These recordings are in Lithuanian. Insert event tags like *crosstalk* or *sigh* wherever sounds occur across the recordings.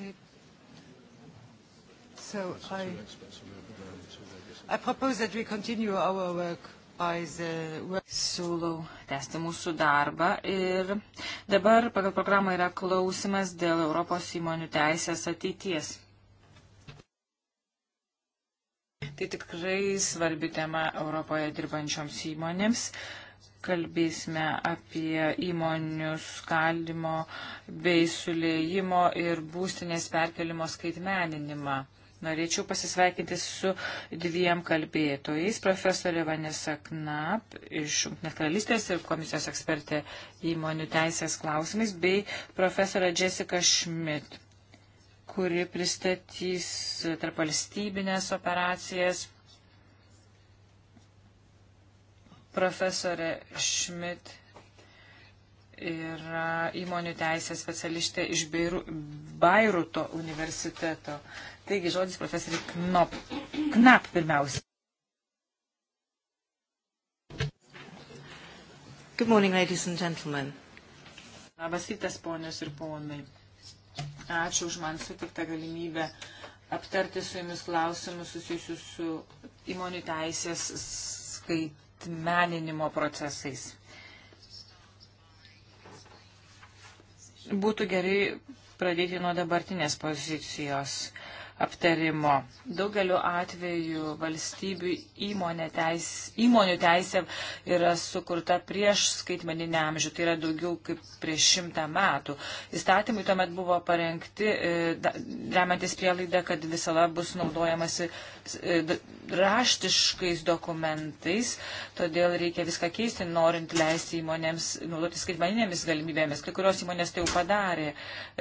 Okay. So I, I propose that we continue our work. Siūlau tęsti mūsų darbą ir dabar pagal programą yra klausimas dėl Europos įmonių teisės ateities. Tai tikrai svarbi tema Europoje dirbančioms įmonėms. Uh, kalbėsime apie įmonių skaldimo bei sulėjimo ir būstinės perkelimo skaitmeninimą. Norėčiau pasisveikinti su dviem kalbėtojais - profesorė Vanessa Knap iš Junktinės karalystės ir komisijos ekspertė įmonių teisės klausimais, bei profesorė Jessica Schmidt, kuri pristatys tarp valstybinės operacijas Profesorė Šmit yra įmonių teisės specialistė iš Beiru, Bairuto universiteto. Taigi žodis profesoriai Knop. Knap pirmiausia. Good morning, ladies and gentlemen. Labas rytas, ponios ir ponai. Ačiū už man sutiktą galimybę aptarti su jumis klausimus susijusius su įmonių teisės skaitymu skaitmeninimo procesais. Būtų gerai pradėti nuo dabartinės pozicijos. Uh, aptarimo. Daugeliu atveju valstybių įmonė teis, įmonių teisė yra sukurta prieš skaitmeninę amžių, tai yra daugiau kaip prieš šimtą metų. Įstatymai tuomet buvo parengti, e, remantis prielaida, kad visada bus naudojamasi e, raštiškais dokumentais, todėl reikia viską keisti, norint leisti įmonėms naudoti skaitmeninėmis galimybėmis. Kai kurios įmonės tai jau padarė,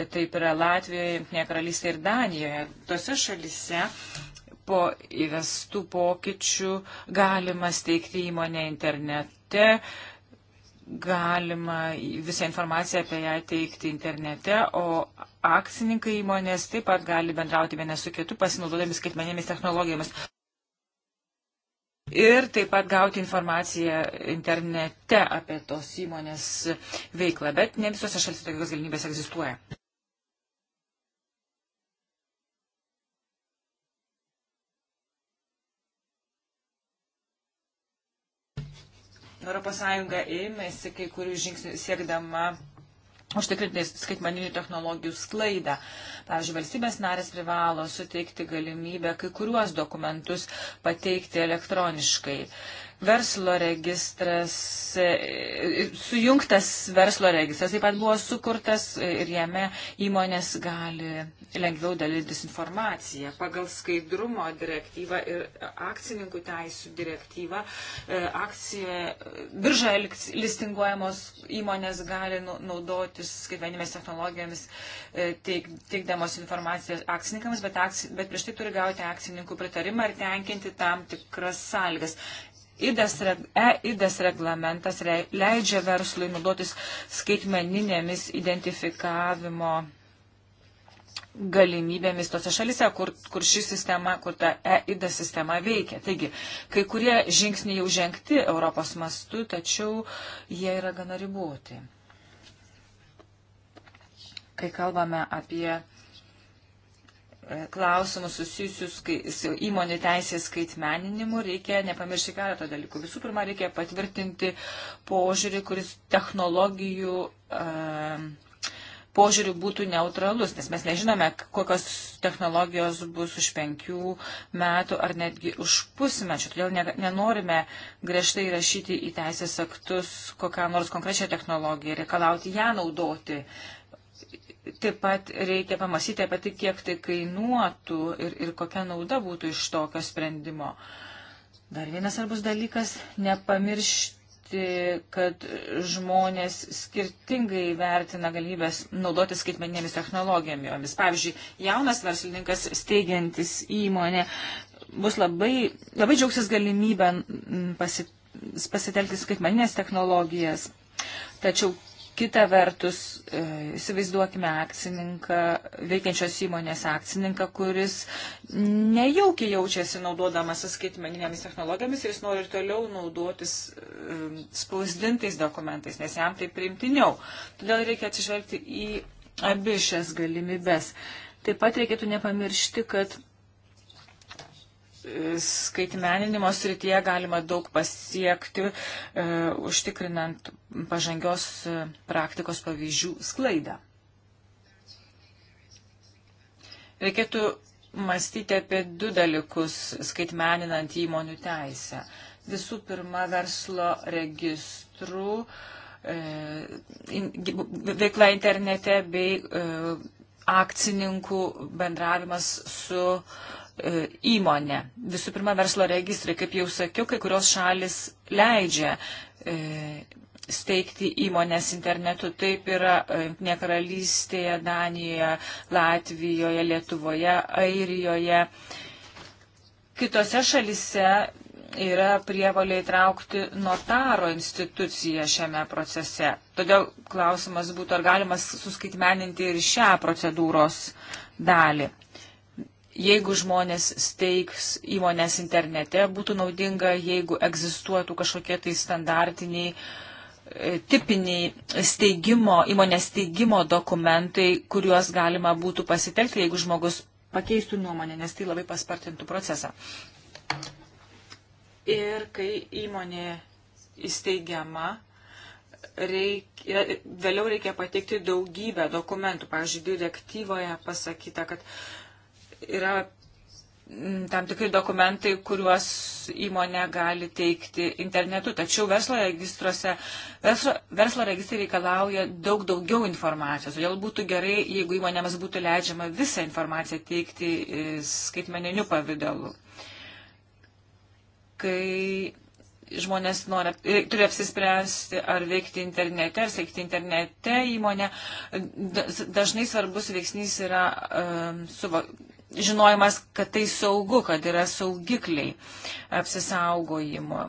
taip yra Latvijoje, Junktinėje karalystėje ir Danijoje. Tos Kitose šalise po įvestų pokyčių galima steigti įmonę internete, galima visą informaciją apie ją teikti internete, o akcininkai įmonės taip pat gali bendrauti viena su kitu pasinaudodami skaitmenėmis technologijomis. Ir taip pat gauti informaciją internete apie tos įmonės veiklą, bet ne visose šalyse tokios galimybės egzistuoja. ES ėmėsi kai kurių žingsnių siekdama užtikrinti skaitmaninių technologijų sklaidą. Pavyzdžiui, valstybės narės privalo suteikti galimybę kai kuriuos dokumentus pateikti elektroniškai. E, verslo registras, e, sujungtas verslo registras taip pat buvo sukurtas ir jame įmonės gali lengviau dalytis informaciją. Pagal skaidrumo direktyvą ir akcininkų teisų direktyvą e, akcija, birža listinguojamos įmonės gali nu, naudotis skaitmeninėmis technologijomis e, teik, teikdamos informaciją akcininkams, bet, akci, bet prieš tai turi gauti akcininkų pritarimą ir tenkinti tam tikras sąlygas. EIDAS e e reglamentas leidžia verslui naudotis skaitmeninėmis identifikavimo galimybėmis tose šalise, kur, kur ši sistema, kur ta EIDA e sistema veikia. Taigi, kai kurie žingsniai jau žengti Europos mastu, tačiau jie yra gana riboti. Kai kalbame apie klausimus susijusius su įmonių teisės skaitmeninimu, reikia nepamiršti keletą dalykų. Visų pirma, reikia patvirtinti požiūrį, kuris technologijų požiūrių būtų neutralus, nes mes nežinome, kokios technologijos bus už penkių metų ar netgi už pusmečio. Todėl nenorime griežtai rašyti į teisės aktus kokią nors konkrečią technologiją ir reikalauti ją naudoti Taip pat reikia pamasyti apie tai, kiek tai kainuotų ir, ir kokia nauda būtų iš tokio sprendimo. Dar vienas svarbus dalykas - nepamiršti, kad žmonės skirtingai vertina galimybės naudoti skaitmeninėmis technologijomis. Pavyzdžiui, jaunas verslininkas steigiantis įmonė bus labai, labai džiaugsis galimybę pasi, pasitelkti skaitmeninės technologijas. Tačiau Kita vertus, e, įsivaizduokime akcininką, veikiančios įmonės akcininką, kuris nejaukiai jaučiasi naudodamas skaitmeninėmis technologijomis ir jis nori ir toliau naudotis e, spausdintais dokumentais, nes jam tai primtiniau. Todėl reikia atsižvelgti į abi šias galimybes. Taip pat reikėtų nepamiršti, kad skaitmeninimo srityje galima daug pasiekti, e, užtikrinant pažangios e, praktikos pavyzdžių sklaidą. Reikėtų mąstyti apie du dalykus skaitmeninant įmonių teisę. Visų pirma, verslo registrų, e, in, veikla internete bei e, akcininkų bendravimas su e, E, įmonė. Visų pirma, verslo registrai, kaip jau sakiau, kai kurios šalis leidžia e, steigti įmonės internetu. Taip yra e, Junktinė karalystėje, Danijoje, Latvijoje, Lietuvoje, Airijoje. Kitose šalise yra prievalė įtraukti notaro instituciją šiame procese. Todėl klausimas būtų, ar galima suskaitmeninti ir šią procedūros dalį jeigu žmonės steigs įmonės internete, būtų naudinga, jeigu egzistuotų kažkokie tai standartiniai e, tipiniai steigimo, įmonės steigimo dokumentai, kuriuos galima būtų pasitelkti, jeigu žmogus pakeistų nuomonę, nes tai labai paspartintų procesą. Ir kai įmonė įsteigiama, reikia, e, vėliau reikia pateikti daugybę dokumentų. Pavyzdžiui, direktyvoje pasakyta, kad uh, yra mm, tam tikri dokumentai, kuriuos įmonė gali teikti internetu. Tačiau verslo, verslo, verslo registrai reikalauja daug daugiau informacijos. Todėl būtų gerai, jeigu įmonėms būtų leidžiama visą informaciją teikti e, skaitmeniniu pavydalu. Kai žmonės nori, e, turi apsispręsti, ar veikti internete, ar veikti internete įmonė. Dažnai svarbus veiksnys yra um, e, suvokimas žinojimas, kad tai saugu, kad yra saugikliai apsisaugojimo.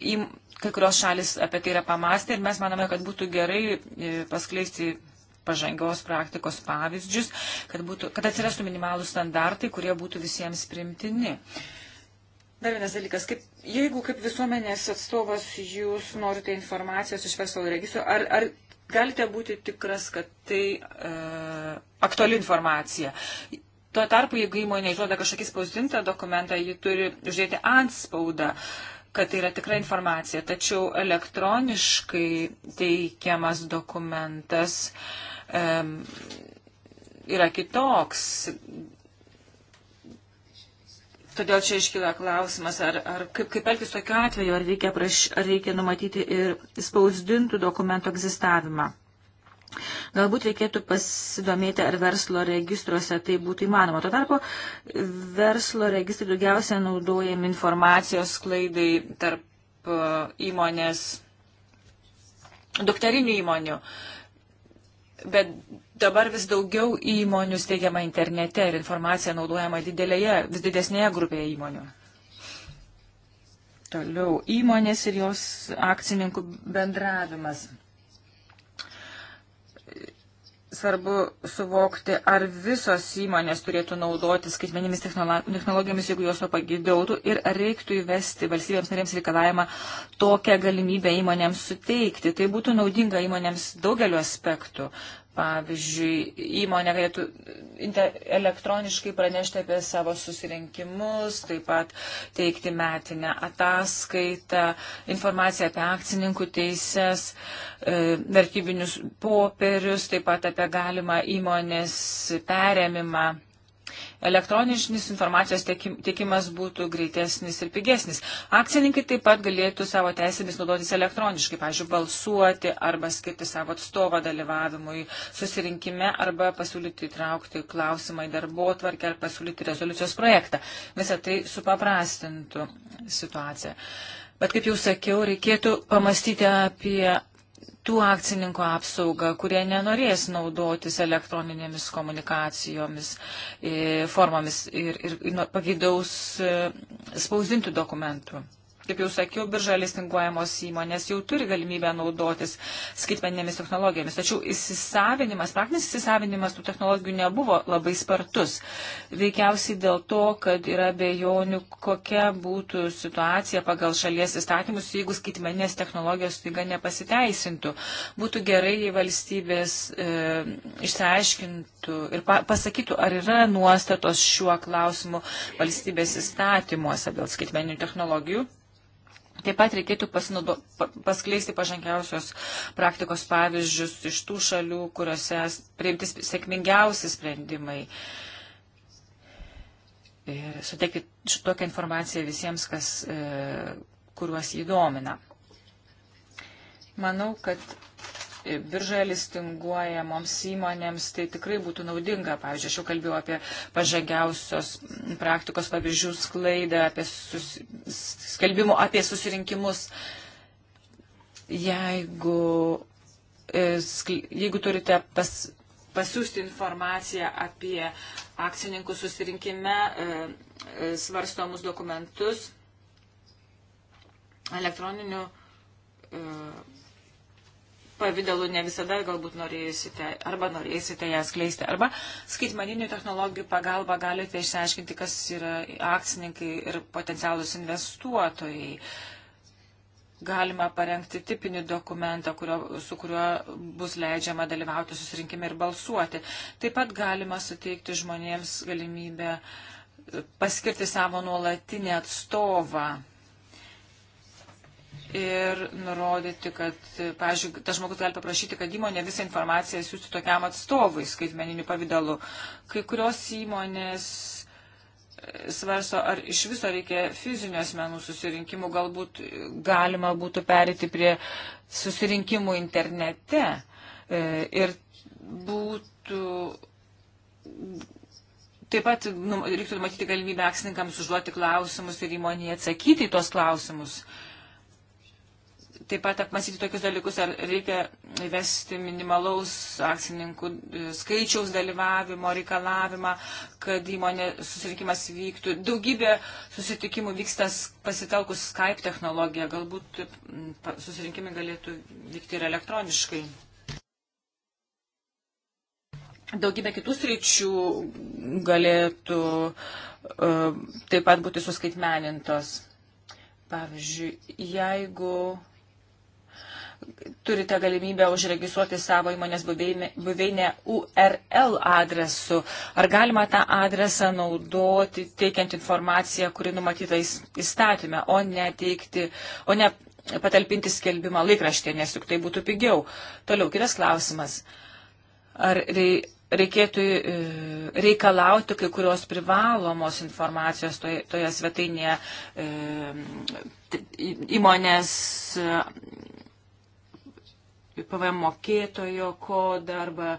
Į kai kurios šalis apie tai yra pamastę ir mes manome, kad būtų gerai e, paskleisti pažangios praktikos pavyzdžius, kad, būtų, kad atsirastų minimalų standartai, kurie būtų visiems primtini. Dar vienas dalykas, kaip, jeigu kaip visuomenės atstovas jūs norite informacijos iš verslo registro, ar, ar galite būti tikras, kad tai e, aktuali informacija. Tuo tarpu, jeigu įmonė išduoda kažkokį spausdintą dokumentą, ji turi uždėti antspaudą kad tai yra tikra informacija, tačiau elektroniškai teikiamas dokumentas um, yra kitoks. Todėl čia iškyla klausimas, ar, ar kaip, kaip elgtis tokiu atveju, ar reikia, praš, ar reikia numatyti ir spausdintų dokumentų egzistavimą. Galbūt reikėtų pasidomėti, ar verslo registruose tai būtų įmanoma. Tuo tarpu verslo registrai daugiausia naudojami informacijos klaidai tarp e, įmonės, dukterinių įmonių. Bet dabar vis daugiau įmonių steigiama internete ir informacija naudojama didelėje, vis didesnėje grupėje įmonių. Toliau įmonės ir jos akcininkų bendravimas svarbu suvokti, ar visos įmonės turėtų naudoti skaitmenimis technologijomis, jeigu jos to pagidautų, ir ar reiktų įvesti valstybėms narėms reikalavimą tokią galimybę įmonėms suteikti. Tai būtų naudinga įmonėms daugeliu aspektų. Pavyzdžiui, įmonė galėtų elektroniškai pranešti apie savo susirinkimus, taip pat teikti metinę ataskaitą, informaciją apie akcininkų teises, e, vertybinius popierius, taip pat apie galimą įmonės perėmimą elektroninis informacijos tiekimas būtų greitesnis ir pigesnis. Akcininkai taip pat galėtų savo teisėmis naudotis elektroniškai, pavyzdžiui, balsuoti arba skirti savo atstovą dalyvavimui susirinkime arba pasiūlyti įtraukti klausimą į darbo tvarkę ar pasiūlyti rezoliucijos projektą. Visą tai supaprastintų situaciją. Bet kaip jau sakiau, reikėtų pamastyti apie tų akcininkų apsaugą, kurie nenorės naudotis elektroninėmis komunikacijomis, e, formomis ir, ir, ir pageidaus e, spausdintų dokumentų. Kaip jau sakiau, birža listinguojamos įmonės jau turi galimybę naudotis skaitmeninėmis technologijomis, tačiau įsisavinimas, praktinis įsisavinimas tų technologijų nebuvo labai spartus. Veikiausiai dėl to, kad yra bejonių, kokia būtų situacija pagal šalies įstatymus, jeigu skaitmeninės technologijos taiga nepasiteisintų. Būtų gerai, jei valstybės e, išsiaiškintų ir pa pasakytų, ar yra nuostatos šiuo klausimu valstybės įstatymuose dėl skaitmeninių technologijų Taip pat reikėtų pasinaudo, paskleisti pažangiausios praktikos pavyzdžius iš tų šalių, kuriuose priimti sėkmingiausi sprendimai. Ir suteikti šitokią informaciją visiems, kas, e, kuriuos įdomina. Manau, kad biržoje listinguojamoms įmonėms, tai tikrai būtų naudinga. Pavyzdžiui, aš jau kalbėjau apie pažangiausios praktikos pavyzdžių sklaidą, apie sus, skelbimų apie susirinkimus. Jeigu, e, jeigu turite pas, pasiūsti informaciją apie akcininkų susirinkime e, e, svarstomus dokumentus elektroniniu pavydalu ne visada galbūt norėsite arba norėsite ją skleisti. Arba skaitmaninių technologijų pagalba galite išsiaiškinti, kas yra akcininkai ir potencialus investuotojai. Galima parengti tipinį dokumentą, kurio, su kuriuo bus leidžiama dalyvauti susirinkime ir balsuoti. Taip pat galima suteikti žmonėms galimybę paskirti savo nuolatinį atstovą ir nurodyti, kad, pažiūrėjau, tas žmogus gali paprašyti, kad įmonė visą informaciją siūstų tokiam atstovui skaitmeniniu pavydalu. Kai kurios įmonės e, svarso, ar iš viso reikia fizinio asmenų susirinkimų, galbūt galima būtų perėti prie susirinkimų internete. E, ir būtų. Taip pat nu, reiktų matyti galimybę aksininkams užduoti klausimus ir įmonėje atsakyti į tuos klausimus taip pat apmasyti tokius dalykus, ar reikia įvesti minimalaus akcininkų e, skaičiaus dalyvavimo reikalavimą, kad įmonė susirinkimas vyktų. Daugybė susitikimų vyksta pasitelkus Skype technologiją, galbūt susirinkimai galėtų vykti ir elektroniškai. Daugybė kitų sričių galėtų uh, taip pat būti suskaitmenintos. Pavyzdžiui, jeigu turite galimybę užregistruoti savo įmonės buveinę URL adresu. Ar galima tą adresą naudoti, teikiant informaciją, kuri numatyta įstatymę, o ne, teikti, o ne patalpinti skelbimą laikraštė, nes juk tai būtų pigiau. Toliau kitas klausimas. Ar reikėtų e, reikalauti kai kurios privalomos informacijos toje, toje svetainėje e, įmonės PVM mokėtojo kodą arba,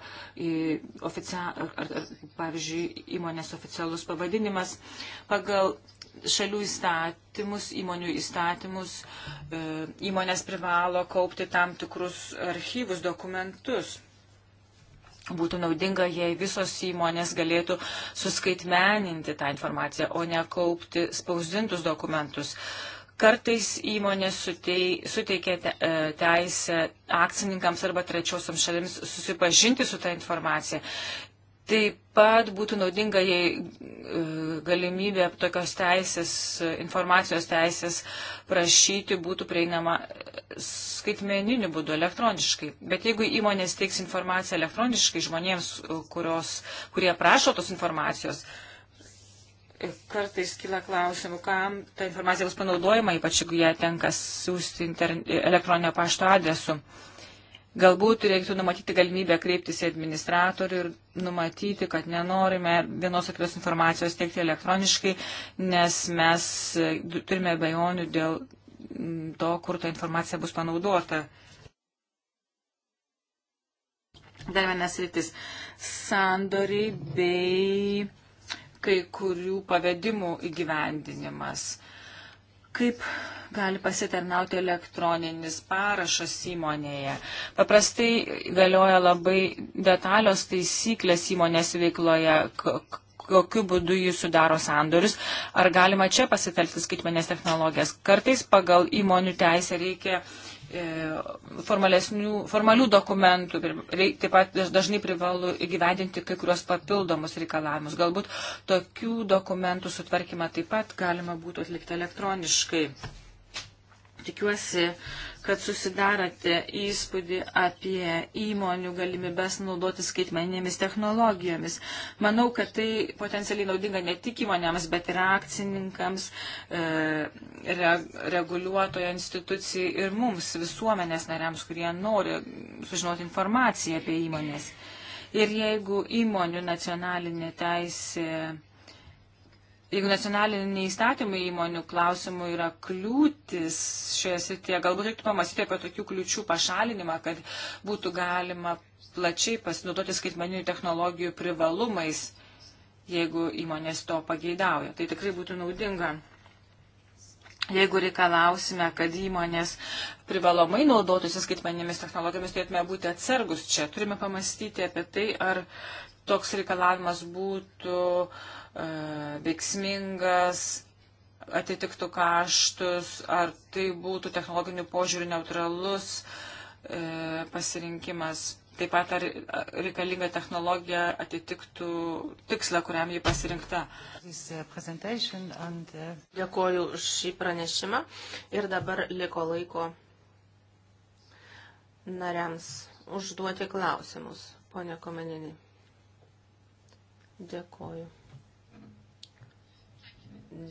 oficia, ar, ar, pavyzdžiui, įmonės oficialus pavadinimas. Pagal šalių įstatymus, įmonių įstatymus, e, įmonės privalo kaupti tam tikrus archyvus, dokumentus. Būtų naudinga, jei visos įmonės galėtų suskaitmeninti tą informaciją, o ne kaupti spausdintus dokumentus. Uh, Kartais įmonės suteikia e, teisę akcininkams arba trečiosiams šalims susipažinti su tą informaciją. Taip pat būtų naudinga, jei e, galimybė tokios teisės, informacijos teisės prašyti būtų prieinama e, skaitmeniniu būdu, elektroniškai. Bet jeigu įmonės teiks informaciją elektroniškai žmonėms, kurios, kurie prašo tos informacijos, kartais kyla klausimų, kam ta informacija bus panaudojama, ypač jeigu ją tenka siūsti elektroninio pašto adresu. Galbūt reiktų numatyti galimybę kreiptis į administratorių ir numatyti, kad nenorime vienos ar kitos informacijos teikti elektroniškai, nes mes e, turime bejonių dėl to, kur ta informacija bus panaudota. Dar vienas rytis. Sandoriai bei kai kurių pavedimų įgyvendinimas. Kaip gali pasitarnauti elektroninis parašas įmonėje? Paprastai galioja labai detalios taisyklės įmonės veikloje, kokiu būdu jis sudaro sandorius, ar galima čia pasitelkti skaitmenės technologijas. Kartais pagal įmonių teisę reikia uh, E, formalių dokumentų, reik, taip pat dažnai privalu įgyvendinti kai kurios papildomus reikalavimus. Galbūt tokių dokumentų sutvarkymą taip pat galima būtų atlikti elektroniškai. Tikiuosi, kad susidarate įspūdį apie įmonių galimybės naudoti skaitmeninėmis technologijomis. Manau, kad tai potencialiai naudinga ne tik įmonėms, bet ir akcininkams, e, re, reguliuotojo institucijai ir mums, visuomenės nariams, kurie nori sužinoti informaciją apie įmonės. Ir jeigu įmonių nacionalinė teisė jeigu nacionaliniai įstatymai įmonių klausimų yra kliūtis šioje srityje, galbūt reiktų pamastyti apie tokių kliūčių pašalinimą, kad būtų galima plačiai pasinaudoti skaitmeninių technologijų privalumais, jeigu įmonės to pageidauja. Tai tikrai būtų naudinga. Jeigu reikalausime, kad įmonės privalomai naudotųsi skaitmeninėmis technologijomis, turėtume būti atsargus čia. Turime pamastyti apie tai, ar toks reikalavimas būtų e, veiksmingas, e, atitiktų kaštus, ar tai būtų technologinių požiūrių neutralus e, pasirinkimas taip pat ar reikalinga technologija atitiktų tikslą, kuriam jį pasirinkta. Uh, uh, Dėkoju už šį pranešimą ir dabar liko laiko nariams užduoti klausimus, ponė Komeninį. Dėkoju.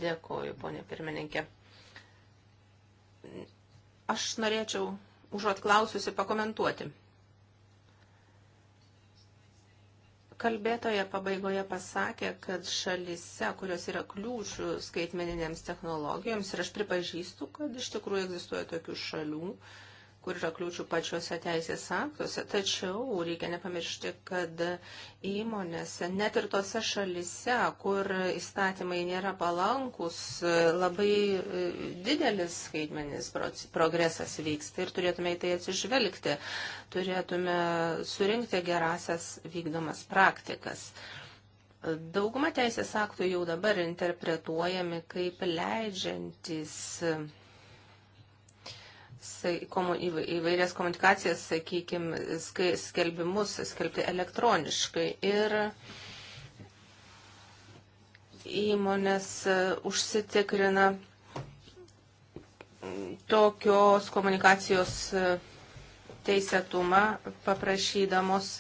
Dėkoju, ponė pirmininkė. Aš norėčiau užuot klausiusi pakomentuoti. Kalbėtoje pabaigoje pasakė, kad šalise, kurios yra kliūčių skaitmeninėms technologijoms, ir aš pripažįstu, kad iš tikrųjų egzistuoja tokių šalių, kur yra kliūčių pačiuose teisės aktuose. Tačiau reikia nepamiršti, kad įmonėse, net ir tose šalise, kur įstatymai nėra palankus, labai e, didelis skaitmenis progresas vyksta ir turėtume į tai atsižvelgti. Turėtume surinkti gerasias vykdomas praktikas. Dauguma teisės aktų jau dabar interpretuojami kaip leidžiantis įvairias komunikacijas, sakykime, skelbimus skelbti elektroniškai. Ir įmonės e, užsitikrina tokios komunikacijos e, teisėtumą paprašydamos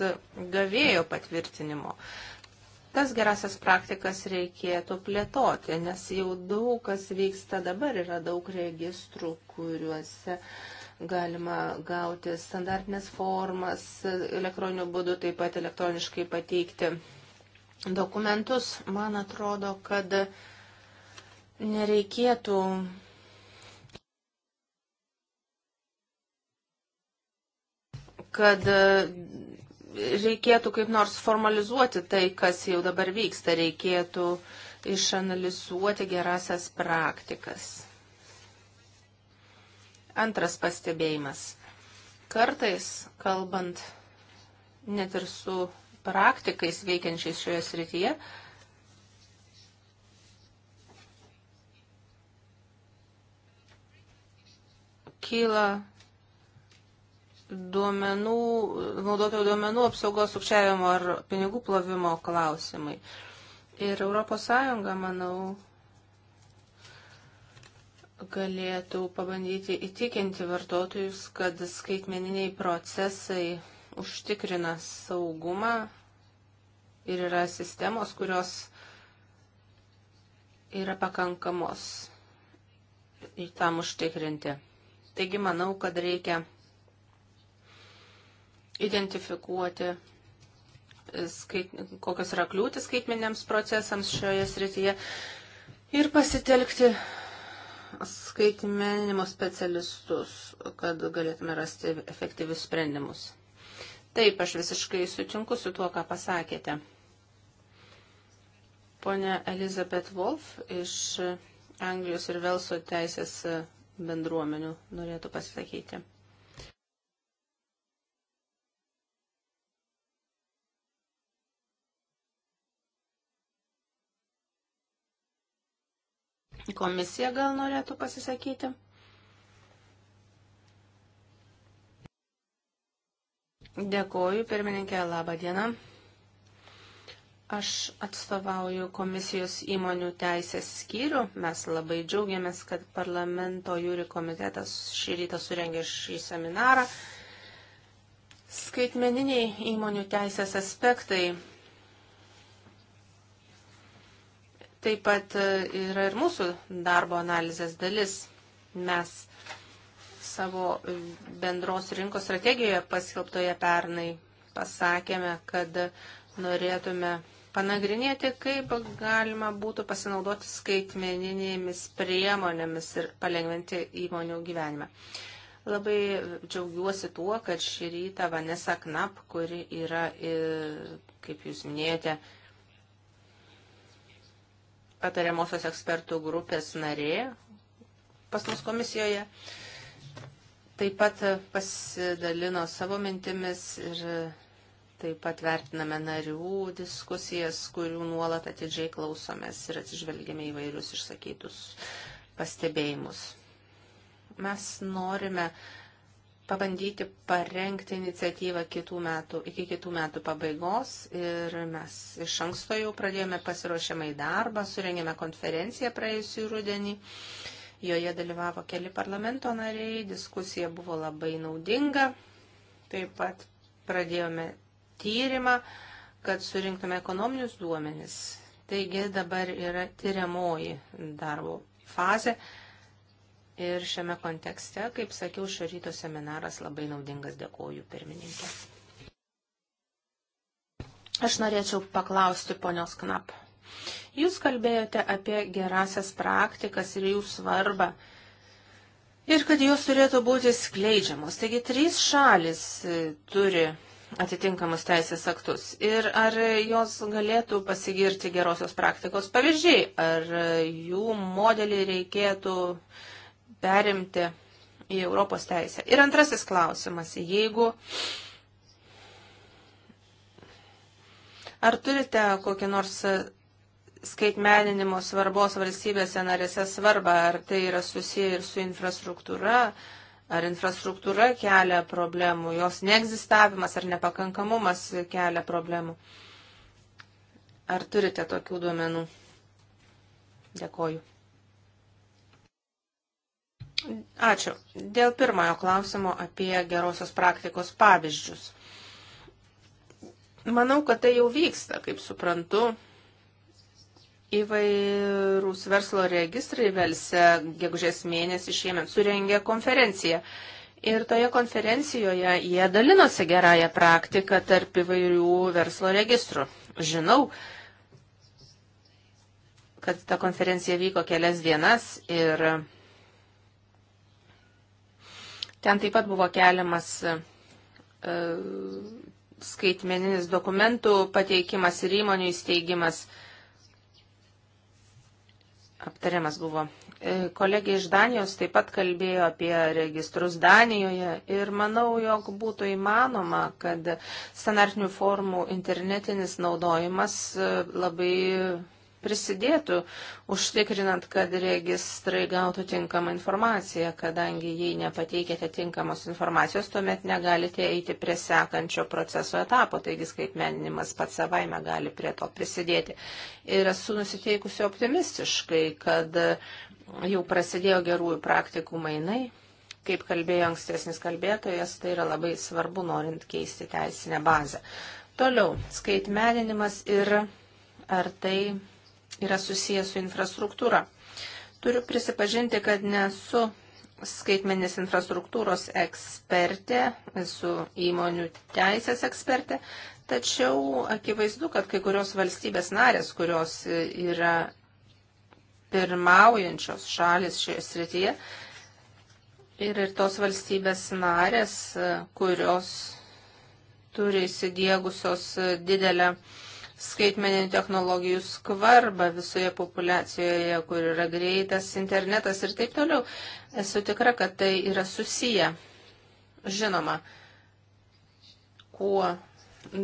gavėjo patvirtinimo. Uh, tas gerasias praktikas reikėtų plėtoti, nes jau daug kas vyksta dabar, yra daug registrų, kuriuose galima gauti standartinės formas elektroniniu būdu, taip pat elektroniškai pateikti dokumentus. Man atrodo, kad nereikėtų kad reikėtų kaip nors formalizuoti tai, kas jau dabar vyksta, reikėtų išanalizuoti gerasias praktikas. Antras pastebėjimas. Kartais, kalbant net ir su praktikais veikiančiais šioje srityje, kyla duomenų, naudotojų duomenų apsaugos sukčiavimo ar pinigų plovimo klausimai. Ir ES, manau, galėtų pabandyti įtikinti vartotojus, kad skaitmeniniai procesai užtikrina saugumą ir yra sistemos, kurios yra pakankamos į tam užtikrinti. Taigi manau, kad reikia identifikuoti, skait, kokios yra kliūtis skaitmeniams procesams šioje srityje ir pasitelkti skaitmeninimo specialistus, kad galėtume rasti efektyvius sprendimus. Taip, aš visiškai sutinku su tuo, ką pasakėte. Pone Elizabeth Wolf iš Anglijos ir Velso teisės bendruomenių norėtų pasakyti. Komisija gal norėtų pasisakyti? Dėkoju, pirmininkė, labą dieną. Aš atstovauju komisijos įmonių teisės skyrių. Mes labai džiaugiamės, kad parlamento jūri komitetas šį rytą surengė šį seminarą. Skaitmeniniai įmonių teisės aspektai Taip pat e, yra ir mūsų darbo analizės dalis. Mes savo bendros rinkos strategijoje paskelbtoje pernai pasakėme, kad norėtume panagrinėti, kaip galima būtų pasinaudoti skaitmeninėmis priemonėmis ir palengventi įmonių gyvenimą. Labai džiaugiuosi tuo, kad šį rytą Vanessa Knap, kuri yra, e, kaip jūs minėjote, patariamosios ekspertų grupės narė pas mus komisijoje. Taip pat pasidalino savo mintimis ir taip pat vertiname narių diskusijas, kurių nuolat atidžiai klausomės ir atsižvelgiame įvairius išsakytus pastebėjimus. Mes norime uh, pabandyti parengti iniciatyvą kitų metų, iki kitų metų pabaigos ir mes iš anksto jau pradėjome pasiruošiamą į darbą, surengėme konferenciją praėjusį rudenį, joje dalyvavo keli parlamento nariai, diskusija buvo labai naudinga, taip pat pradėjome tyrimą, kad surinktume ekonominius duomenis. Taigi dabar yra tyriamoji darbo fazė Ir šiame kontekste, kaip sakiau, šio ryto seminaras labai naudingas, dėkoju pirmininkė. Aš norėčiau paklausti ponios Knap. Jūs kalbėjote apie gerasias praktikas ir jų svarbą. Ir kad jos turėtų būti skleidžiamos. Taigi trys šalis e, turi atitinkamus teisės aktus. Ir ar jos galėtų pasigirti gerosios praktikos pavyzdžiai, ar jų modelį reikėtų uh, perimti į Europos teisę. Ir antrasis klausimas, jeigu ar turite kokį nors skaitmeninimo svarbos valstybėse narėse svarbą, ar tai yra susiję ir su infrastruktūra, ar infrastruktūra kelia problemų, jos neegzistavimas ar nepakankamumas kelia problemų. Ar turite tokių duomenų? Dėkoju. Ačiū. Dėl pirmojo klausimo apie gerosios praktikos pavyzdžius. Manau, kad tai jau vyksta, kaip suprantu. Įvairūs verslo registrai Velse gegužės mėnesį šiemet surengė konferenciją. Ir toje konferencijoje jie dalinosi gerąją praktiką tarp įvairių verslo registrų. Žinau, kad ta konferencija vyko kelias dienas ir Ten taip pat buvo keliamas e, skaitmeninis dokumentų pateikimas ir įmonių įsteigimas. Aptariamas buvo. E, kolegė iš Danijos taip pat kalbėjo apie registrus Danijoje ir manau, jog būtų įmanoma, kad standartinių formų internetinis naudojimas e, labai prisidėtų užtikrinant, kad registrai gautų tinkamą informaciją, kadangi jei nepateikėte tinkamos informacijos, tuomet negalite eiti prie sekančio proceso etapo, taigi skaitmeninimas pats savaime gali prie to prisidėti. Ir esu nusiteikusi optimistiškai, kad jau prasidėjo gerųjų praktikų mainai. Kaip kalbėjo ankstesnis kalbėtojas, tai yra labai svarbu, norint keisti teisinę bazę. Toliau, skaitmeninimas ir ar tai yra susijęs su infrastruktūra. Turiu prisipažinti, kad nesu skaitmenis infrastruktūros ekspertė, esu įmonių teisės ekspertė, tačiau akivaizdu, kad kai kurios valstybės narės, kurios yra pirmaujančios šalis šioje srityje, ir, ir tos valstybės narės, kurios turi įsidiegusios didelę uh, skaitmeninių technologijų skvarbą visoje populiacijoje, kur yra greitas internetas ir taip toliau. Esu tikra, kad tai yra susiję. Žinoma, kuo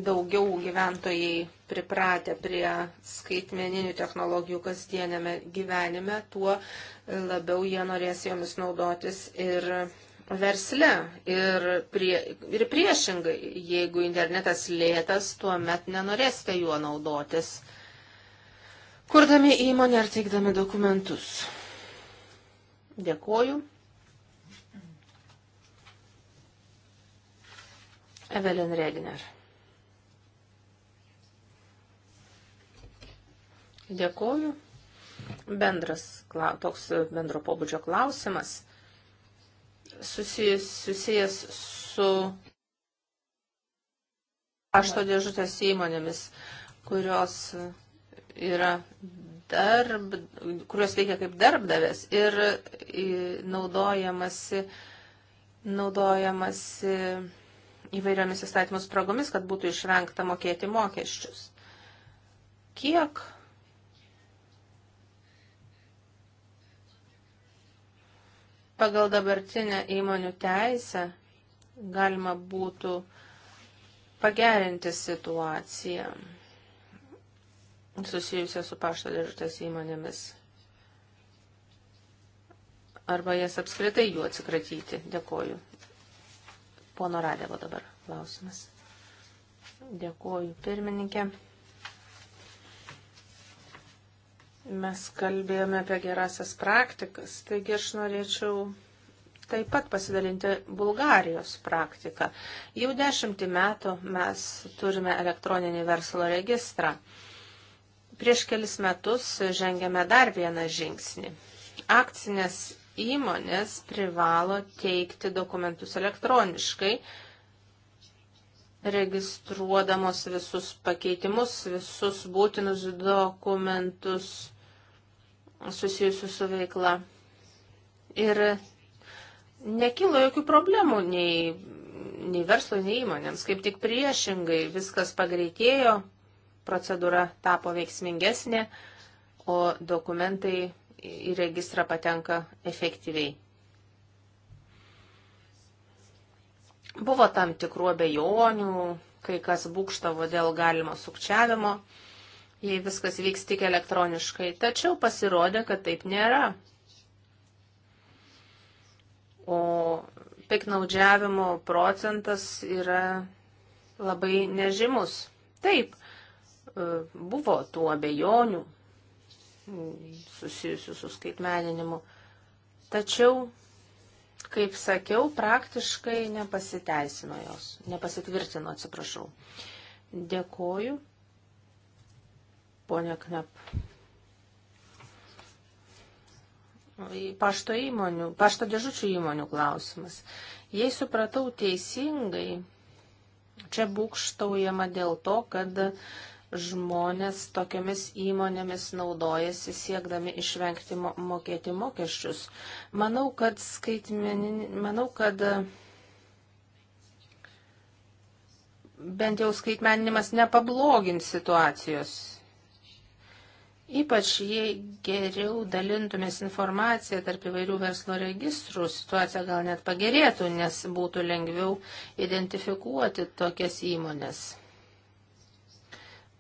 daugiau gyventojai pripratę prie skaitmeninių technologijų kasdienėme gyvenime, tuo labiau jie norės jomis naudotis ir versle ir, prie, ir priešingai, jeigu internetas lėtas, tuomet nenorėsite juo naudotis, kurdami įmonę ar teikdami dokumentus. Dėkoju. Evelyn Regner. Dėkoju. Bendras, toks bendro pobūdžio klausimas susijęs, susijęs su pašto dėžutės įmonėmis, kurios yra darb, kurios veikia kaip darbdavės ir naudojamasi, naudojamasi įvairiomis įstatymus spragomis, kad būtų išvengta mokėti mokesčius. Kiek Pagal dabartinę įmonių teisę galima būtų pagerinti situaciją susijusią su pašto dėžutės įmonėmis arba jas apskritai jų atsikratyti. Dėkoju. Pono Radėvo dabar klausimas. Dėkoju, pirmininkė. Mes kalbėjome apie gerasias praktikas, taigi aš norėčiau taip pat pasidalinti Bulgarijos praktiką. Jau dešimtį metų mes turime elektroninį verslo registrą. Prieš kelis metus žengėme dar vieną žingsnį. Akcinės įmonės privalo teikti dokumentus elektroniškai, registruodamos visus pakeitimus, visus būtinus dokumentus susijusių su veikla. Ir nekilo jokių problemų nei, nei verslo, nei įmonėms. Kaip tik priešingai viskas pagreitėjo, procedūra tapo veiksmingesnė, o dokumentai į registrą patenka efektyviai. Buvo tam tikrų abejonių, kai kas būkštavo dėl galimo sukčiavimo jei viskas vyks tik elektroniškai. Tačiau pasirodė, kad taip nėra. O piknaudžiavimo procentas yra labai nežymus. Taip, e, buvo tų abejonių susijusių su skaitmeninimu. Tačiau, kaip sakiau, praktiškai nepasiteisino jos, nepasitvirtino, atsiprašau. Dėkoju. Pone Knap. Pašto, įmonių, pašto dėžučių įmonių klausimas. Jei supratau teisingai, čia būkštaujama dėl to, kad žmonės tokiamis įmonėmis naudojasi siekdami išvengti mo mokėti mokesčius. Manau, kad skaitmenin, manau, kad bent jau skaitmeninimas nepablogins situacijos. Ypač jei geriau dalintumės informaciją tarp įvairių verslo registrų, situacija gal net pagerėtų, nes būtų lengviau identifikuoti tokias įmonės.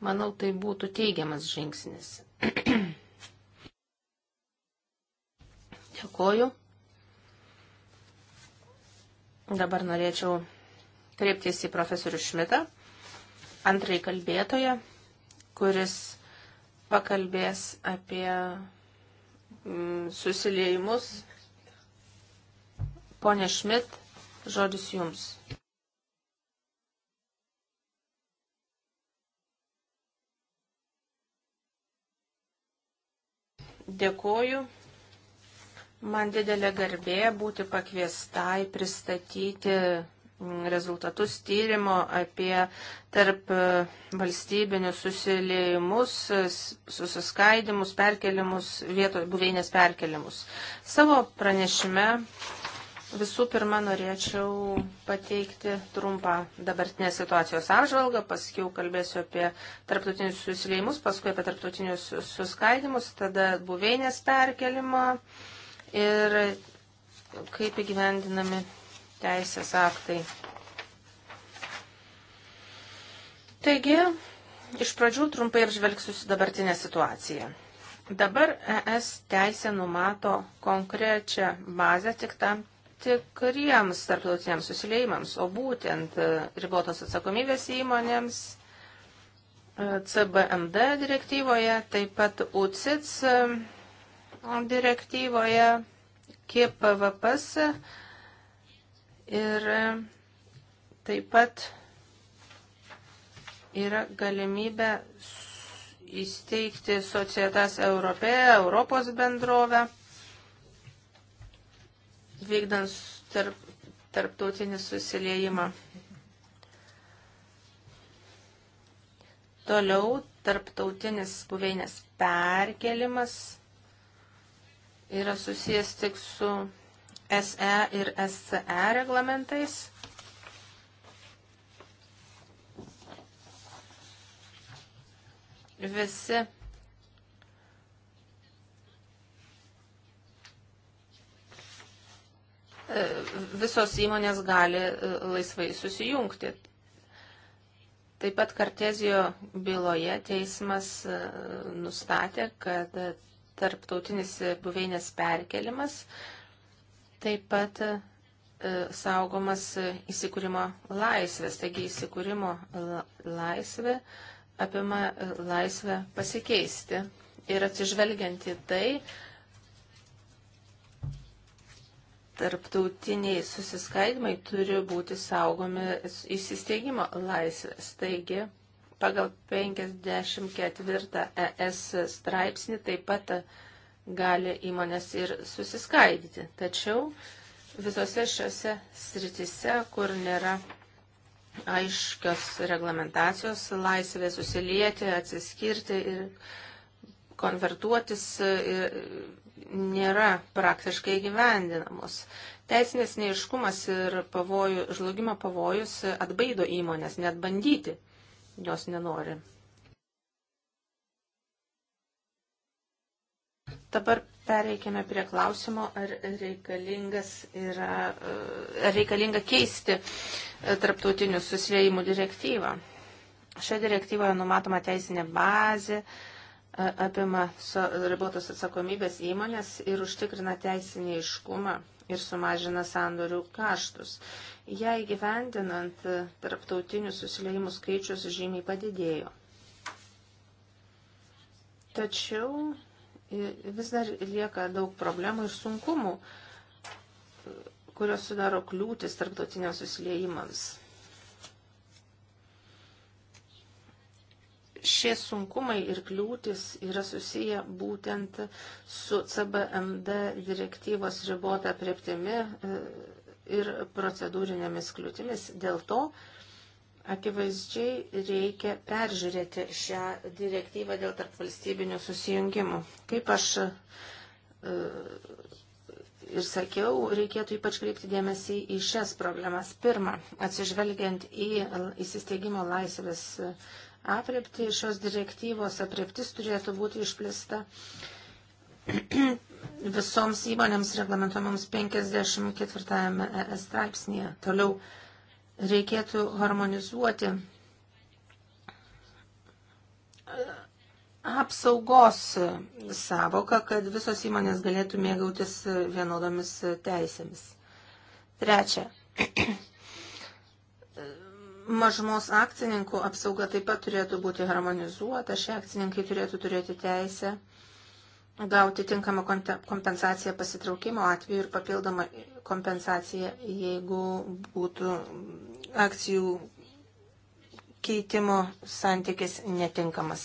Manau, tai būtų teigiamas žingsnis. *clears throat* Dėkoju. Dabar norėčiau kreiptis į profesorių Šmitą, antrąjį kalbėtoją, kuris pakalbės apie mm, susiliejimus. Pone Šmit, žodis jums. Dėkoju. Man didelė garbė būti pakviestai pristatyti rezultatus tyrimo apie tarp e, valstybinius susiliejimus, susiskaidimus, perkelimus, vietos buveinės perkelimus. Savo pranešime Visų pirma, norėčiau pateikti trumpą dabartinės situacijos apžvalgą, paskui kalbėsiu apie tarptautinius susileimus, paskui apie tarptautinius suskaidimus, tada buveinės perkelimą ir kaip įgyvendinami teisės aktai. Taigi, iš pradžių trumpai apžvelgsiu dabartinę situaciją. Dabar ES teisė numato konkrečią bazę tik tam tikriems tarptautiniams susileimams, o būtent e, ribotos atsakomybės įmonėms e, CBMD direktyvoje, taip pat UCITS e, direktyvoje, KPVPS Ir e, taip pat yra galimybė įsteigti Societas Europė, Europos bendrovę, vykdant tarp, tarptautinį susiliejimą. Toliau tarptautinis buveinės perkelimas yra susijęs tik su SE ir SCE reglamentais. Visi visos įmonės gali e, laisvai susijungti. Taip pat Kartezijo byloje teismas e, nustatė, kad tarptautinis buveinės perkelimas uh, Taip pat e, saugomas įsikūrimo laisvės. Taigi įsikūrimo laisvė apima e, laisvę pasikeisti. Ir atsižvelgiant į tai, tarptautiniai susiskaidimai turi būti saugomi įsisteigimo laisvės. Taigi, pagal 54 ES straipsnį taip pat gali įmonės ir susiskaidyti. Tačiau visose šiose sritise, kur nėra aiškios reglamentacijos, laisvė susilieti, atsiskirti ir konvertuotis e, nėra praktiškai gyvendinamos. Teisinės neiškumas ir pavojų, žlugimo pavojus atbaido įmonės, net bandyti jos nenori Dabar pereikime prie klausimo, ar reikalingas yra, e, ar reikalinga keisti e, tarptautinių susiliejimų direktyvą. Šią direktyvoje numatoma teisinė bazė, e, apima ribotos atsakomybės įmonės ir užtikrina teisinį iškumą ir sumažina sandorių kaštus. Ją įgyvendinant tarptautinių susiliejimų skaičius žymiai padidėjo. Tačiau vis dar lieka daug problemų ir sunkumų, kurios sudaro kliūtis tarptautiniams susiliejimams. Šie sunkumai ir kliūtis yra susiję būtent su CBMD direktyvos ribota prieptimi e, ir procedūrinėmis kliūtimis. Dėl to, akivaizdžiai reikia peržiūrėti šią direktyvą dėl tarpvalstybinių susijungimų. Kaip aš e, ir sakiau, reikėtų ypač kreipti dėmesį į šias problemas. Pirma, atsižvelgiant į įsisteigimo laisvės aprepti, šios direktyvos apreptis turėtų būti išplėsta visoms įmonėms reglamentuojamams 54 ES straipsnėje. Toliau reikėtų harmonizuoti e, apsaugos savoką, kad visos įmonės galėtų mėgautis vienodomis teisėmis. Trečia. E, mažumos akcininkų apsauga taip pat turėtų būti harmonizuota, šie akcininkai turėtų turėti teisę gauti tinkamą kompensaciją pasitraukimo atveju ir papildomą kompensaciją, jeigu būtų akcijų keitimo santykis netinkamas.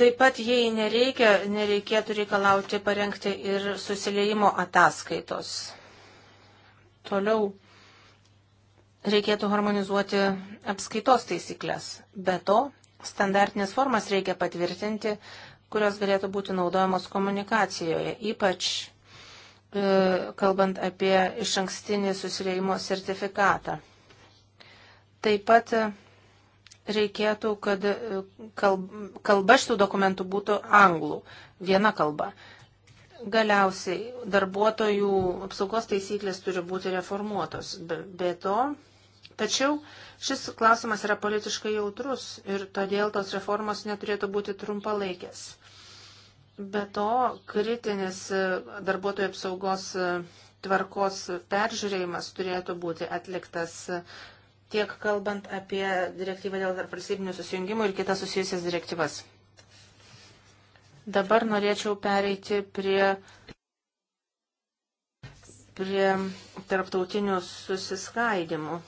Taip pat, jei nereikia, nereikėtų reikalauti parengti ir susiliejimo ataskaitos. Toliau reikėtų harmonizuoti apskaitos taisyklės. Be to, Standartinės formas reikia patvirtinti, kurios galėtų būti naudojamos komunikacijoje, ypač e, kalbant apie iš ankstinį susirėjimo sertifikatą. Taip pat e, reikėtų, kad e, kalba šitų dokumentų būtų anglų, viena kalba. Galiausiai darbuotojų apsaugos taisyklės turi būti reformuotos. Be, be to, Tačiau šis klausimas yra politiškai jautrus ir todėl tos reformos neturėtų būti trumpalaikės. Be to, kritinis e, darbuotojų apsaugos e, tvarkos peržiūrėjimas turėtų būti atliktas e, tiek kalbant apie direktyvą dėl valstybinių susijungimų ir kitas susijusias direktyvas. Dabar norėčiau pereiti prie, prie tarptautinių susiskaidimų.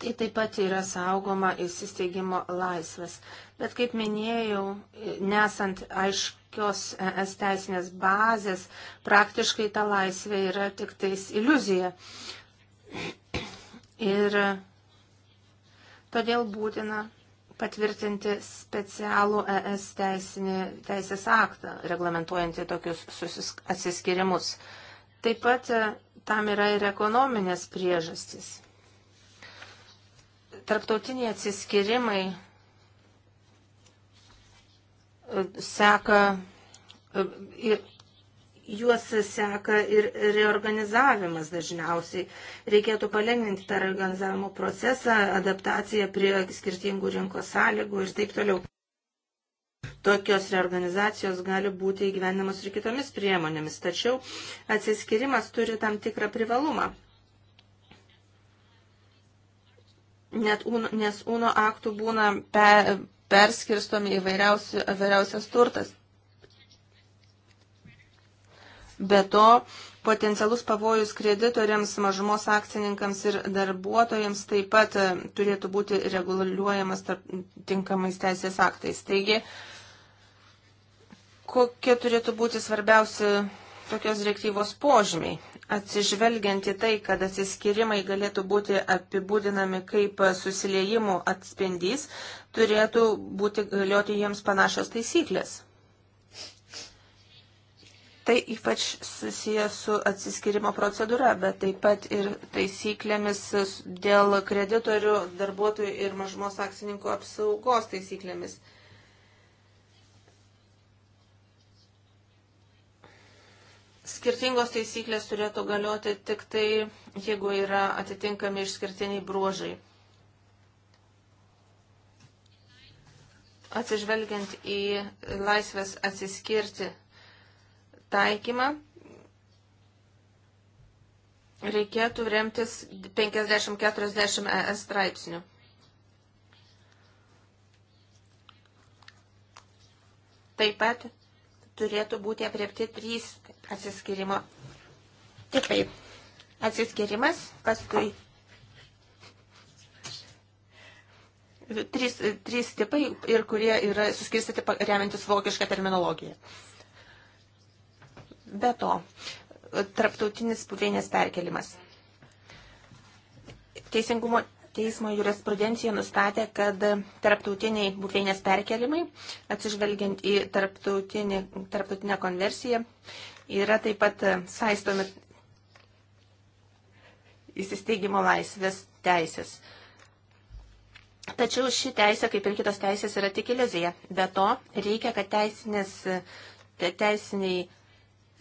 Tai taip pat yra saugoma įsisteigimo laisvas. Bet kaip minėjau, nesant aiškios es teisinės bazės, praktiškai ta laisvė yra tik tais iliuzija. Ir todėl būtina patvirtinti specialų ES teisinį, teisės aktą, reglamentuojantį tokius atsiskirimus. Taip pat tam yra ir ekonominės priežastys. Tarptautiniai atsiskirimai e, seka, e, juos seka ir reorganizavimas dažniausiai. Reikėtų palengvinti tą reorganizavimo procesą, adaptaciją prie skirtingų rinkos sąlygų ir taip toliau. Tokios reorganizacijos gali būti įgyvenimas ir kitomis priemonėmis, tačiau atsiskirimas turi tam tikrą privalumą. net uno, nes UNO aktų būna pe, perskirstomi įvairiausias turtas. Be to, potencialus pavojus kreditoriams, mažumos akcininkams ir darbuotojams taip pat e, turėtų būti reguliuojamas tarp, tinkamais teisės aktais. Taigi, kokie turėtų būti svarbiausi tokios direktyvos požymiai. Atsižvelgiant į tai, kad atsiskirimai galėtų būti apibūdinami kaip susiliejimų atspindys, turėtų būti galioti jiems panašios taisyklės. Tai ypač susijęs su atsiskirimo procedūra, bet taip pat ir taisyklėmis dėl kreditorių, darbuotojų ir mažmos akcininkų apsaugos taisyklėmis. Skirtingos taisyklės turėtų galioti tik tai, jeigu yra atitinkami išskirtiniai bruožai. Atsižvelgiant į laisvės atsiskirti taikymą, reikėtų remtis 50-40 ES straipsnių. Taip pat turėtų būti apriepti trys atsiskirimo tipai. Atsiskirimas, paskui trys, trys tipai ir kurie yra suskirstyti remiantis vokišką terminologiją. Be to, tarptautinis buveinės perkelimas. Teisingumo teismo jurisprudencija nustatė, kad tarptautiniai buveinės perkelimai, atsižvelgiant į tarptautinę konversiją, yra taip pat saistomi įsisteigimo laisvės teisės. Tačiau ši teisė, kaip ir kitos teisės, yra tik iliuzija. Be to, reikia, kad teisinės, teisiniai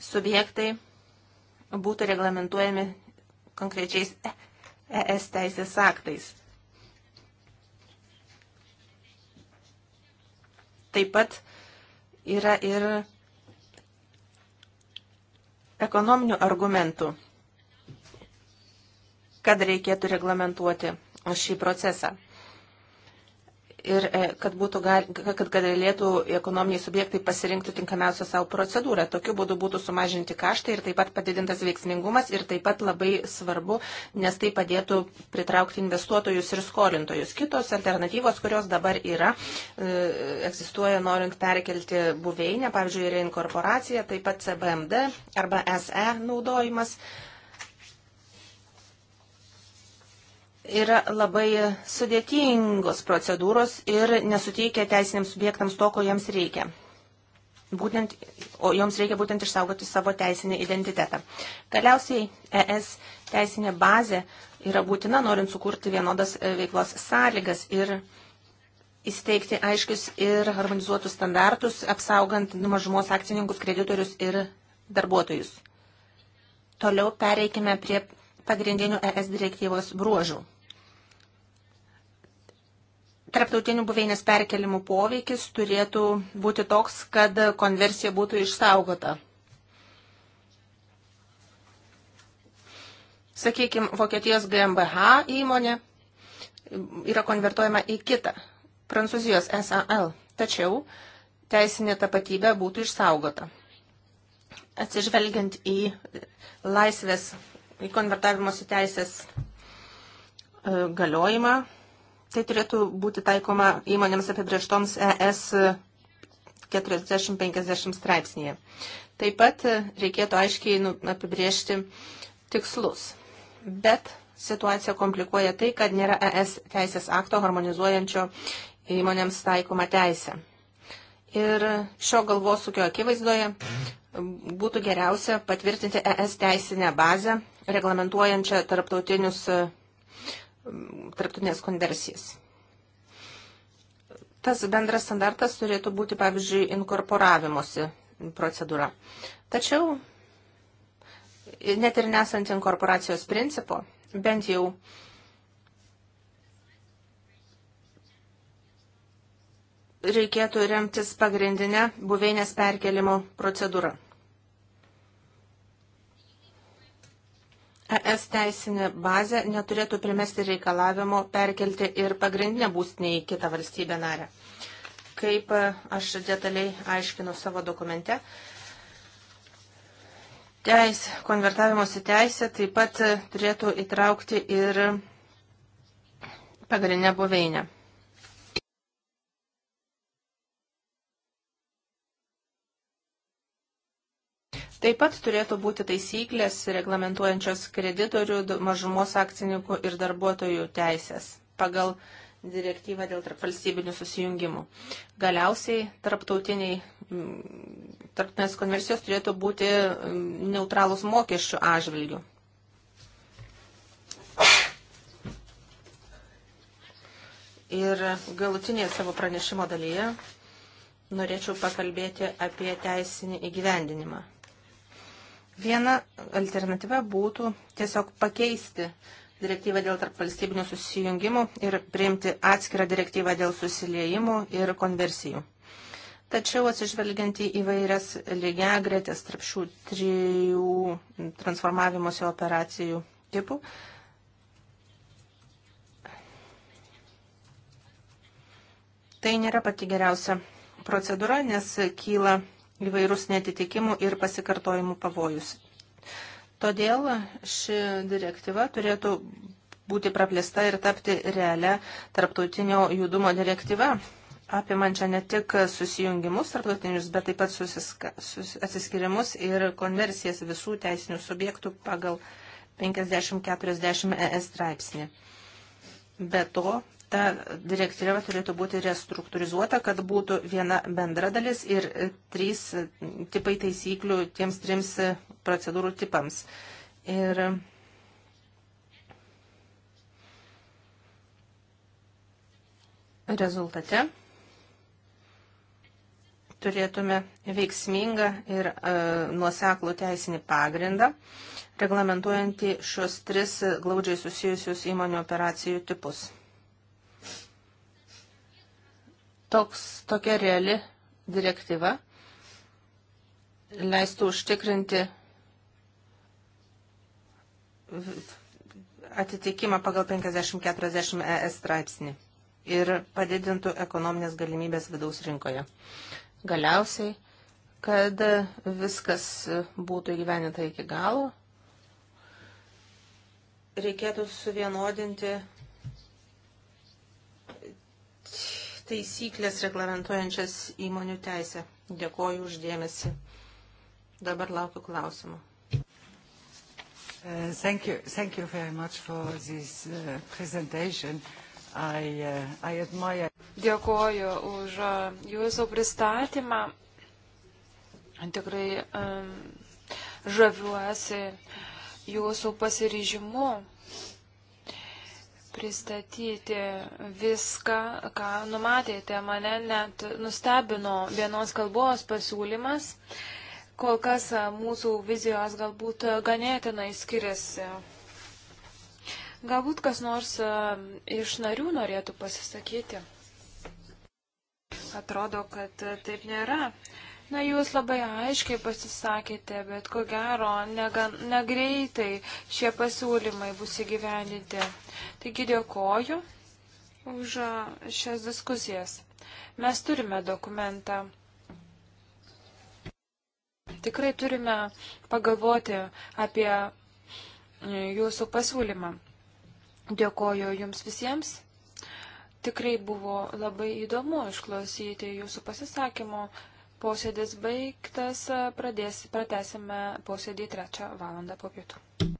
subjektai būtų reglamentuojami konkrečiais ES teisės aktais. Taip pat yra ir ekonominių argumentų, kad reikėtų reglamentuoti šį procesą ir e, kad, būtų, gal, kad galėtų ekonominiai subjektai pasirinkti tinkamiausią savo procedūrą. Tokiu būdu būtų sumažinti kaštai ir taip pat padidintas veiksmingumas ir taip pat labai svarbu, nes tai padėtų pritraukti investuotojus ir skolintojus. Kitos alternatyvos, kurios dabar yra, e, egzistuoja norint perkelti buveinę, pavyzdžiui, reinkorporaciją, taip pat CBMD arba SE naudojimas. yra labai sudėtingos procedūros ir nesuteikia teisiniams subjektams to, ko jiems reikia. Būtent, o joms reikia būtent išsaugoti savo teisinį identitetą. Galiausiai ES teisinė bazė yra būtina, norint sukurti vienodas e, veiklos sąlygas ir įsteigti aiškius ir harmonizuotus standartus, apsaugant mažumos akcininkus, kreditorius ir darbuotojus. Toliau pereikime prie pagrindinių ES direktyvos bruožų tarptautinių buveinės perkelimų poveikis turėtų būti toks, kad konversija būtų išsaugota. Sakykime, Vokietijos GmbH įmonė yra konvertuojama į kitą, Prancūzijos SAL, tačiau teisinė tapatybė būtų išsaugota. Atsižvelgiant į laisvės, į konvertavimosi teisės e, galiojimą, Tai turėtų būti taikoma įmonėms apibrieštoms ES 40-50 straipsnėje. Taip pat reikėtų aiškiai nu, apibriežti tikslus. Bet situaciją komplikuoja tai, kad nėra ES teisės akto harmonizuojančio įmonėms taikomą teisę. Ir šio galvosūkio akivaizdoje būtų geriausia patvirtinti ES teisinę bazę, reglamentuojančią tarptautinius tarptautinės konversijas. Tas bendras standartas turėtų būti, pavyzdžiui, inkorporavimosi procedūra. Tačiau, net ir nesant inkorporacijos principo, bent jau reikėtų remtis pagrindinę buveinės perkelimo procedūrą. ES teisinė bazė neturėtų primesti reikalavimo perkelti ir pagrindinę būstinę į kitą valstybę narę. Kaip e, aš detaliai aiškinu savo dokumente, teis, konvertavimosi teisė taip pat turėtų įtraukti ir pagrindinę buveinę. Taip pat turėtų būti taisyklės reglamentuojančios kreditorių, mažumos akcininkų ir darbuotojų teisės pagal direktyvą dėl tarpvalstybinių susijungimų. Galiausiai tarptautiniai, tarptautinės konversijos turėtų būti neutralus mokesčių atžvilgių. Ir galutinėje savo pranešimo dalyje norėčiau pakalbėti apie teisinį įgyvendinimą. Viena alternatyva būtų tiesiog pakeisti direktyvą dėl tarpvalstybinių susijungimų ir priimti atskirą direktyvą dėl susiliejimų ir konversijų. Tačiau atsižvelgiant į įvairias lygiagretės tarp šių trijų transformavimuose operacijų tipų, tai nėra pati geriausia procedūra, nes kyla įvairūs netitikimų ir pasikartojimų pavojus. Todėl ši direktyva turėtų būti praplėsta ir tapti realią tarptautinio judumo direktyvą, apimančią ne tik susijungimus tarptautinius, bet taip pat susiska, sus, atsiskirimus ir konversijas visų teisinių subjektų pagal 50-40 ES straipsnį. Be to, ta direktyva turėtų būti restruktūrizuota, kad būtų viena bendra dalis ir trys tipai taisyklių tiems trims procedūrų tipams. Ir rezultate turėtume veiksmingą ir e, nuoseklų teisinį pagrindą, reglamentuojantį šios tris glaudžiai susijusius įmonių operacijų tipus. Toks, tokia reali direktyva leistų užtikrinti atitikimą pagal 50-40 ES straipsnį ir padidintų ekonominės galimybės vidaus rinkoje. Galiausiai, kad viskas būtų įgyveninta iki galo, reikėtų suvienodinti taisyklės reglamentuojančias įmonių teisę. Dėkoju uždėmesi. Dabar laukiu klausimų. Uh, thank you. Thank you very much for this uh, presentation. I, uh, I admire. Dėkoju už uh, jūsų pristatymą. Tikrai um, žaviuosi jūsų pasiryžimu pristatyti viską, ką numatėte. Mane net nustebino vienos kalbos pasiūlymas. Kol kas mūsų vizijos galbūt ganėtinai skiriasi. Galbūt kas nors iš narių norėtų pasisakyti. Atrodo, kad taip nėra. Na, jūs labai aiškiai pasisakėte, bet ko gero negan, negreitai šie pasiūlymai bus įgyvendinti. Taigi dėkoju už šias diskusijas. Mes turime dokumentą. Tikrai turime pagalvoti apie e, jūsų pasiūlymą. Dėkoju jums visiems. Tikrai buvo labai įdomu išklausyti jūsų pasisakymo. Posėdis baigtas, pradės, pratesime posėdį trečią valandą po pietų.